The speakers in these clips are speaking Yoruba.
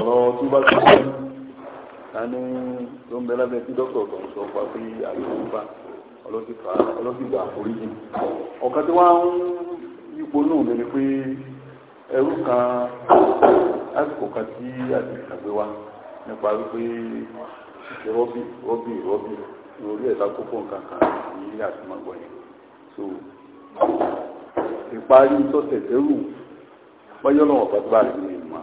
ọ̀rọ̀ tí wọ́n bá ti sọ ká ní ló ń bẹ lábẹ́ tí dókítà ọ̀tọ̀ ń sọ pa pé àyẹ̀wò bá ọlọ́sìkà ọlọ́sìkà àforíjì ọ̀kan tí wọ́n ń yípo náà lẹ́ni pé ẹrú kan lásìkò kan tí àti ìkàgbé wa nípa wípé ṣe rọ́bì rọ́bì rọ́bì lórí ẹ̀dá kókó nǹkan kan ní àtìmọ́gbọ̀n yẹn so ìparí tọ́tẹ̀ tẹ́rù báyọ̀ lọ́wọ́ pàtó bá rí ní ìmọ̀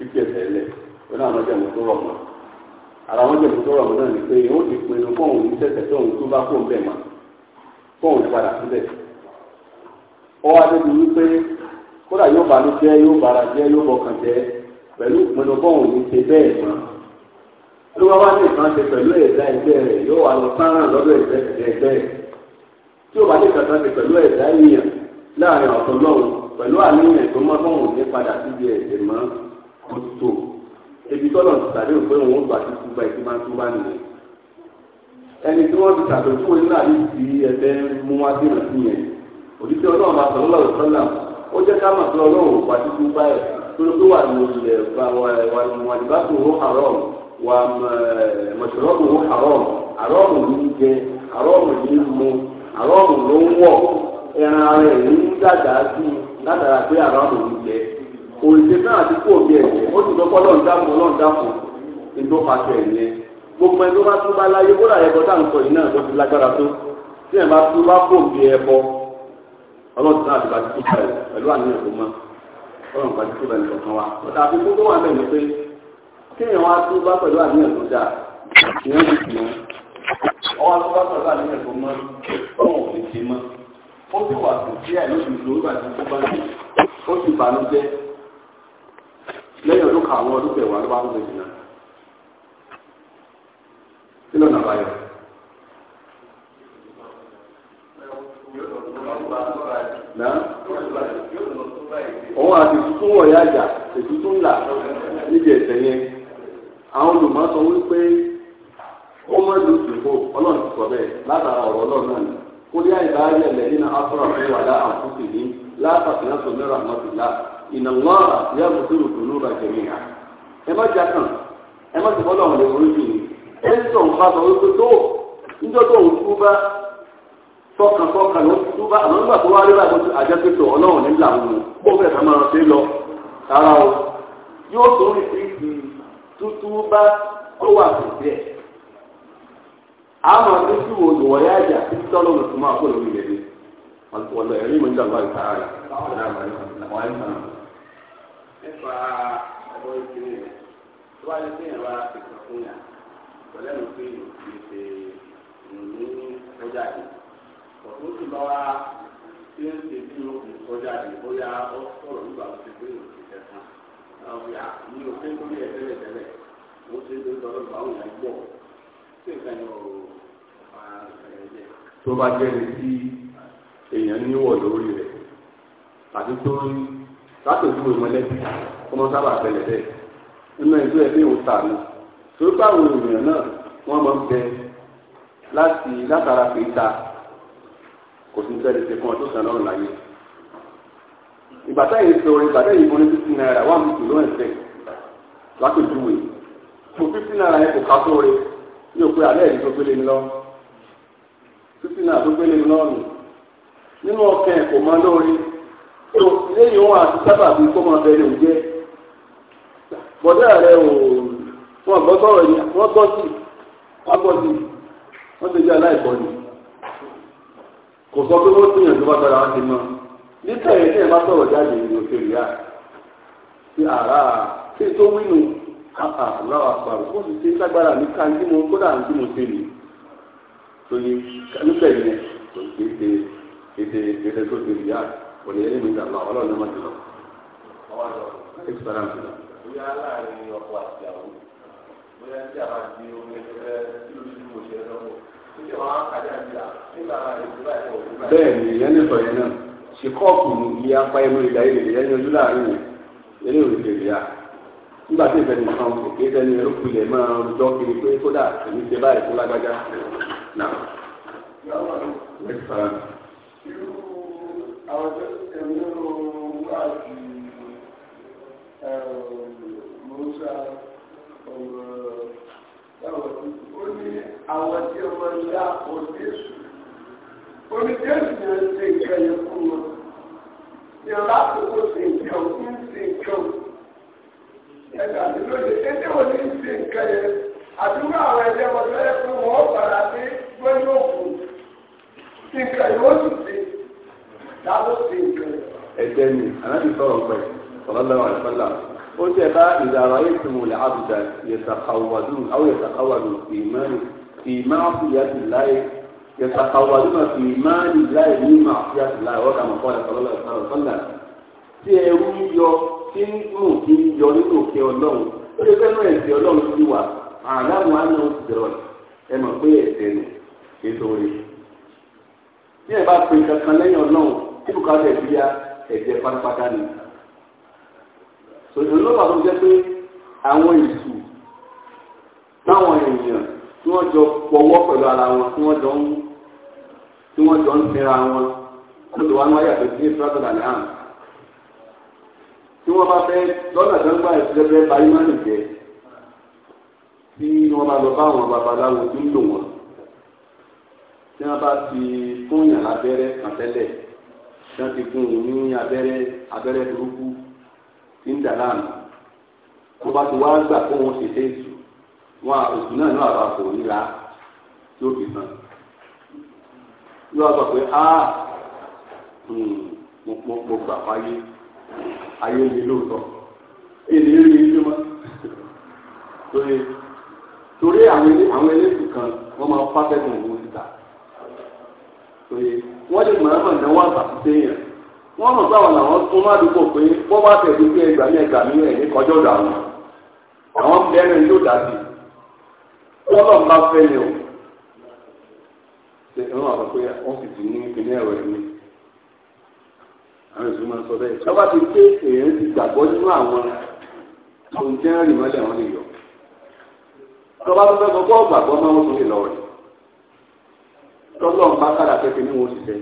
títí ẹsẹ̀ àwọn ara wọn náà ni pé ti pinnu tó bá fóun bẹ̀ fóun padà síbẹ̀ wá débi wípé kódà yóò bá ló jẹ́ yóò bára yóò jẹ́ pẹ̀lú ìpinnu fóun ní ṣe mọ́ ló wá wá ní ìkan ṣe pẹ̀lú ẹ̀dá yóò wá lọ sáràn lọ́dọ̀ ẹ̀dá òtítọ́ ebi tọ́lọ̀ ti tàbí òpé òun ó gbà tí túbà ètò nìyẹn ẹni tí wọ́n ti tàbí fún iná àbí ti ẹgbẹ́ mú wá sí ìrántí yẹn òtítọ́ ọlọ́run bá sọ̀rọ̀ lọ́wọ́ ó jẹ́ ká pé ọlọ́run ò gbà ẹ̀ tó ló wà ní ilẹ̀ wà ní jẹ ní òrìṣẹ́ náà àti kú òbí ẹ̀jẹ̀ ó sì lọ́kọ́ lọ́n dákun lọ́n dákun ní tó pàṣẹ ẹ̀yẹ gbogbo ẹni tó bá tún bá láyé kó láyé bọ́ táwọn sọ yìí náà ló fi lágbára tó tí ẹ̀ bá tún bá kú òbí ẹ bọ́ ọlọ́run náà ti bá ti kú báyìí pẹ̀lú àníyàn tó mọ́ ọlọ́run bá ti kú báyìí kankan wa ọ̀tà àfikún tó wà bẹ́ẹ̀ ni pé kéèyàn wá tún bá pẹ̀lú àníyàn tó dáa ìyẹn ti tì ọwọ́ tó bá pẹ̀lú àníyàn tó mọ́ ọ̀hún ò ní ti mọ́ ó sì wà sí ẹ̀ lóṣù tó bá ka àwọn ọdún kẹwàá ló bá ń gbèsè kí ló nàbà yọ. òun àti tuntun wọ̀nyí àjà ètùtù ńlá níbi ẹ̀sẹ̀ yẹn àwọn olùmọ̀ sọ wípé ó mọ̀ lóṣù ọlọ́run ti sọ bẹ́ẹ̀ látara قل يا عبادي الذين أسرفوا على أنفسهم لا تقنطوا من رحمة الله إن الله يغفر الذنوب جميعا ẹ má jà kàn ẹ má ti bọ́lá ọ̀hún lè wọlé jù ní ẹ ń sọ̀rọ̀ bá sọ wípé tó níjọ́ tó ń tú bá tọkàn tọkàn ló tú bá àwọn nígbà tó wá rí báyìí tó àjẹpẹ́ tó ọlọ́run nígbà wọn bó bẹ̀rẹ̀ ká máa ṣe lọ rárá o yóò tó rí sí tútú bá ó wà kò ẹ̀ ama sisi wo ni wọ́n yá ẹ̀jẹ̀ àti títí ọlọ́run tó máa kó lórí ilẹ̀ dé wọ́n ẹ̀rí mọ̀ nígbà láì sára rẹ̀ ọ̀dà àwọn ẹ̀rí sàn. nípa ọ̀rọ̀ ìkíni rẹ̀ tó bá yẹ kéèyàn bá tètè fún yà pẹ̀lẹ́nu pé kì í ṣe ní ọjà yìí ọ̀tún sì bá wa ó yá ọ sọ̀rọ̀ nígbà tó ti yà ní òfin tó yẹ tẹ́lẹ̀ tó bá jẹ́ni tí èèyàn níwọ̀ lórí rẹ̀ àti tó ń látòjú ìmọ̀lẹ́bí ọmọ sábà tẹ̀lẹ̀ bẹ́ẹ̀ nínú ẹgbẹ́ ẹgbẹ́ ìwò tààmù tó bá àwọn èèyàn náà wọ́n máa ń bẹ láti látara pé ta kò sí sẹ́ni ṣe kan tó sàn lọ́rùn láyé ìgbàtà yìí sọ ìgbàtà yìí fún fífi náírà wà mí kìló ẹ̀sẹ̀ látòjúwe fún fífi náírà yẹn kò ká sóore ní òpin alẹ́ ìdí tó gbélé ní lọ́wọ́. fìtínà tó gbélé lọ́rùn nínú ọkàn kò mọ lórí tó lẹ́yìn òun àti sábàbí kó máa bẹ̀rẹ̀ òun jẹ́ bọ́dá ò wọ́n gbọ́ sọ̀rọ̀ yẹn wọ́n gbọ́ sí wọ́n gbọ́ sí wọ́n ti jẹ́ aláìkọ́ ni kò sọ pé wọ́n ti yàn tó bá tọ́ra wọn ti mọ́ bá sọ̀rọ̀ jáde ní òkèèrè yá tó tóyí kálífẹ̀ yẹn kò ní kéde kéde kéde tó ti rìyà kò ní ẹni mi ọlọ́run náà ti lọ. ọwọ́ àjọ ẹ̀sìtàrà ti ní sọ yẹn náà ṣìkọ́ọ̀kù ní apá ẹmu ìdá ilé ìyẹn ní ojú láàrin yẹn ní òrìṣẹ́ ìyá nígbà tí ìfẹ́ nìkan kò kéde ní kulẹ̀ máa rojọ́ kiri pé kódà èmi ṣe báyìí fún lágbájá Não. Não, é Eu, às vezes, eu não gosto de música como... Hoje, é, aonde eu mandar por isso, hoje, Deus me enseña como... Eu lá estou sem cão, sem cão. É verdade, eu A ẹ̀jẹ̀ ni anábì sọ̀rọ̀ pẹ̀ sallallahu alaihi wasallam ó jẹ́ bá ìdàrọ̀ ayé tí mo lè àbùdá yẹ̀sàkàwàdùn àwọn yẹ̀sàkàwàdùn ìmáàlì ìmáàlì yàtì láyé yẹ̀sàkàwàdùn ìmáàlì láyé ní màfi yàtì láyé wọ́n kà mọ̀ kọ́lẹ̀ sallallahu alaihi wasallam tí ẹrú yọ tí ń mú kí ń yọ nínú òkè ọlọ́run ó lè fẹ́ràn ẹ̀ ẹ̀jẹ̀ pátápátá ni sòtò ló bàbá jẹ́ pé àwọn ìtù táwọn èèyàn tí wọ́n jọ pọwọ́ pẹ̀lú ara wọn tí wọ́n jọ ń tí wọ́n jọ ń tẹra wọn lọ́dọ̀ wa ní wáyà tó ti ní ìfúrásọ̀dà ní àná tí wọ́n bá fẹ́ lọ́nà tó ń gbà ìfúrẹ́fẹ́ parí máa ń jẹ́ tí wọ́n bá lọ bá àwọn babaláwo tó ń lò wọ́n tí wọ́n bá ti fún yàn lábẹ́rẹ́ kàn wọ́n ti fún un ní abẹ́rẹ́ abẹ́rẹ́ burúkú tí ń dà tó bá ti wá gbà kó wọn ṣe ṣe wọn náà níra tí ó yóò pé a hmm, mo gbà fáyé ayé mi lóòótọ́ èdè torí àwọn kan wọ́n máa wọ́n lè máa mọ̀ wọ́n mọ̀ làwọn tún má dúpọ̀ pé wọ́n bá pé ẹgbà ní ẹgbà ní ẹ̀ ní kọjọ́ wọn àwọn bẹ́ẹ̀rẹ̀ yóò dà sí ní ìpínlẹ̀ ẹ̀rọ sọ bẹ́ẹ̀ ti pé èèyàn ti gbàgbọ́ nínú àwọn mọ́lẹ̀ wọn lè yọ fẹ́ tọ́lọ́n bá kàdà pẹ́pẹ́ ní wọn ti fẹ́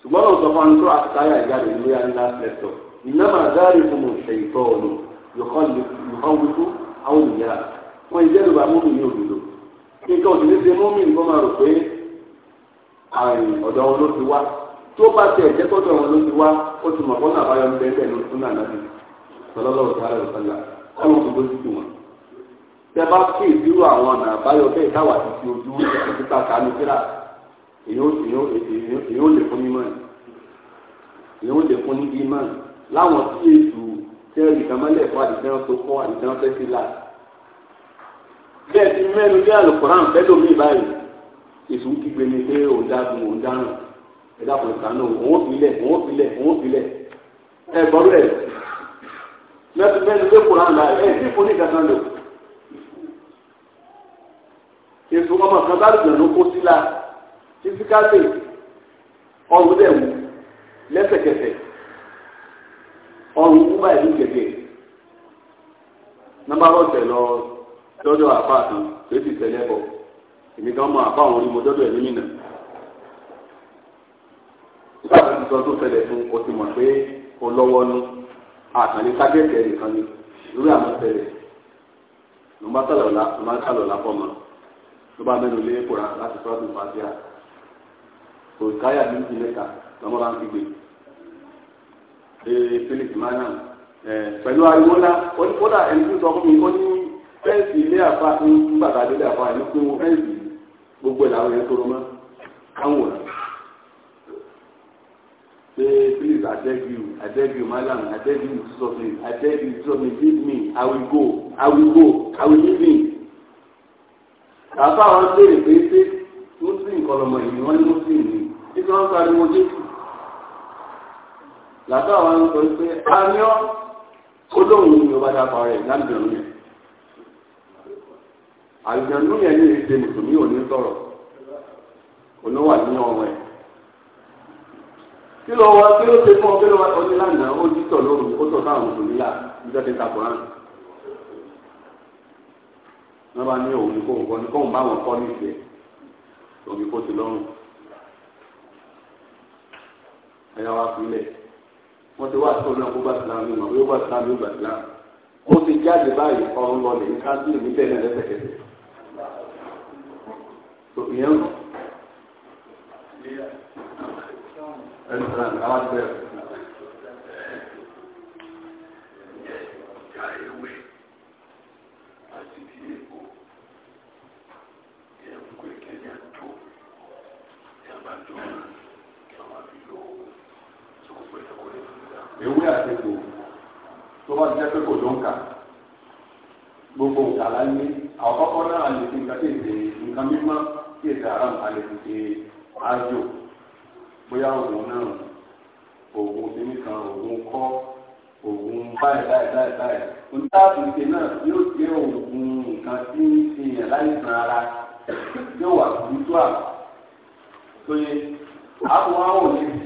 ṣùgbọ́n lọ́n sọ fún tó àtàyà ìjáde ní wíyá ńlá lẹ́tọ̀ ìnáma dárí fún mi ṣe ìtọ́ ọ̀nà yòókànwìtú àwọn ìyá wọn ló bá ní nǹkan ní ṣe nǹkan máa rò pé ọ̀dọ̀ wọn ló ti wá tó bá tọ́jú wọn ló ti wá tẹ bá ké ìdúró àwọn ọ̀nà àbáyọ bẹ́ẹ̀ táwa ti fi ojú títà kánú kíra èyí ó lè fún ní mọ́ẹ̀ èyí ó lè fún ní bí mọ́ẹ̀ láwọn tí ètò tẹ́ẹ̀lì kan mọ́lẹ̀ fún àdìsẹ́wọ́n tó kọ́ àdìsẹ́wọ́n fẹ́ sí là. bẹ́ẹ̀ ti mẹ́nu bí àlùkòrán fẹ́ lómi báyìí èso ń kígbe ni pé òun dágun òun dáràn ẹ dákun ìkànnì òun òfìlẹ̀ òun òfìlẹ̀ òun òfìlẹ̀ ẹ gbọ́dọ̀ ẹ mẹ́tù mẹ́nu pé kòrán là ẹ sí fún ní ìkàtàn lò èso ọmọ kan bá lùdàn ló kó sí la fisikálì ọrùn dẹ̀ wù lẹ́sẹ̀kẹsẹ̀ ọrùn kú báyìí gẹ̀gẹ̀ nọ́mbà ọ̀sẹ̀ lọ lọ́dọ̀ àpá kan tó ti tẹ̀lé bọ̀ èmi kan mọ àpá àwọn onímọ̀ dọ́dọ̀ ẹ̀mí nìyẹn nígbà tó ti sọ tó tẹ̀lé fún o ti mọ̀ pé o lọ́wọ́ nú àtàlẹ́ sábẹ́ẹ̀tì ẹ̀nìkan ni lórí àwọn tẹ̀lé nọ́mbà tàlọ́lá fọ́ mọ́. n'o bá mẹ́nu lé kóra láti tọ́jú fàtíà kò káyà ní ìlẹ́ka lọ́mọ́ bá ń kígbe ee Felix manam pẹ̀lú ariwo ńlá kódà ẹni tó sọ fún mi ó ní fẹ́ǹsì ilé àfa ń gbàgbà délé àfa ẹni fẹ́ǹsì gbogbo ẹ̀ làwọn yẹn tó rọmọ káwọn I beg you I beg you madam I beg you to something I beg you to something leave me I will go I will leave kàfà wọn béèrè pé ṣé muslim kọlọmọ yìí wọn ní muslim ni tí wọn parí wọn jésù làtọ àwọn ń sọ pé àníọ olóhùn ni ọba dàpọ̀ rẹ̀ láti ọ̀nù yẹn àjọ̀nù yẹn ní èdè mùsùlùmí ò ní sọ̀rọ̀ oníwà ní ọmọ ẹ̀ kí ló wá kí ló ṣe fún ọ kí ló wá ọdún lánàá ó dìtọ̀ lóru ó tọ̀ sáwọn mùsùlùmí là níjọ́ ti ta kùránù ní wọn bá ní òun ní kóun kọ ní kóun bá wọn kọ ní ìfẹ́ òbí kó ti lọ́rùn ẹyà wa filẹ̀ wọn ti wá sí ọdún àkókò àtìláàmù ìmọ̀ bí ó bá síláàmù ìgbà síláàmù ó ti jáde báyìí ọrùn lọlẹ ní káńtìlì ní bẹ́ẹ̀ náà lẹ́sẹ̀kẹsẹ̀ tó ìyẹn nù. ẹnu sọ̀rọ̀ àti àwọn àti bẹ́ẹ̀. ewé àtẹ̀kù tó bá jẹ́ pé kò ló ń kà gbogbo nǹkan la ní àkọ́kọ́ náà lè fi nǹkan tètè nǹkan mímọ́ tí èdè ara nǹkan lè fi ṣe ájò bóyá òun náà òun ti nìkan òun kọ́ òun báyìí báyìí báyìí báyìí nígbà ìṣe náà yóò jẹ́ òun nǹkan tí ń ṣe yẹn láìsàn ara yóò wà tó tó tó yẹ àwọn àwọn òní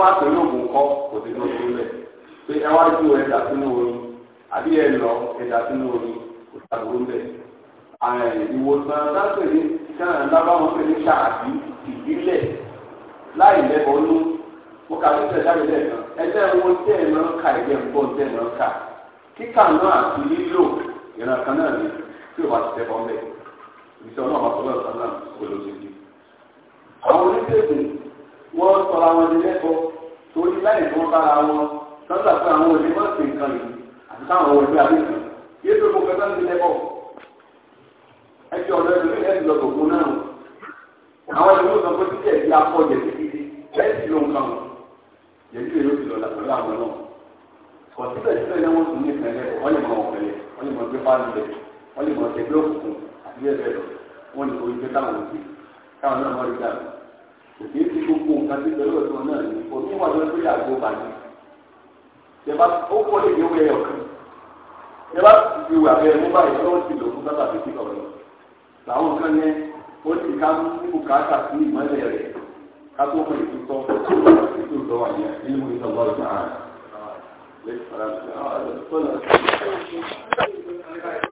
wá pè lóògùn kọ́ kò sí lóògùn rẹ̀ pé ẹ wá ju ẹ̀dà sínú orin àbí ẹ lọ ẹ̀dà sínú orin kò sàbòrò bẹ̀. ìwòsàn dáńpẹ̀ ní sẹ́wọ̀n lábáwọn pè ní sàbí ìbílẹ̀ láì lẹ́bọ̀ nú mo kà lóṣẹ̀ jáde lẹ́ẹ̀kan ẹgbẹ́ wọn tẹ́ ẹ máa ń ka ẹgbẹ́ ń bọ̀ tẹ́ ẹ máa ń ka kíkà náà àti lílò ìran kan náà ni tí o bá ti tẹ́ bọ́ mẹ́ ìṣọ́ náà bá tó lọ́sàn náà kò lóṣèlú àwọn oníṣègùn wọ́n sọ̀rọ̀ àwọn ẹni lẹ́kọ̀ọ́ torí láì fún bára wọn sọ́dọ̀ pé àwọn òní wọ́n sì nǹkan yìí àti káwọn ọ̀wọ́ ẹgbẹ́ abẹ́ kan yé tó mo fẹ́ láti lẹ́kọ̀ọ́ ẹjọ́ ọ̀dọ́ ẹgbẹ́ mi ẹ̀sìn lọ́kọ̀ fún náà àwọn ẹni wọ́n sọ pé títẹ̀ ti akọ jẹ̀bi títí ẹ̀sìn ló ń kàn wọ́n jẹ̀bi rẹ̀ yóò ti lọ pẹ̀lú nǹkan tí pẹ̀lú ẹ̀sùn náà ni kò ní wà lórí àgbo bàjẹ́ tẹ̀bá ó kọ́ lè yẹwò ẹ̀yọ̀ kan tẹ̀bá ti wà bẹ́ẹ̀ mú báyìí lọ́wọ́ ti lò fún sábà tètè ọ̀rọ̀ làwọn kan yẹn ó sì ká nípò káàkà sí ìmọ̀lẹ̀ rẹ̀ ká tó fún ìtútọ́ ètò ìtọ́ wà yẹn nínú ìtọ́gbọ́ ìtàn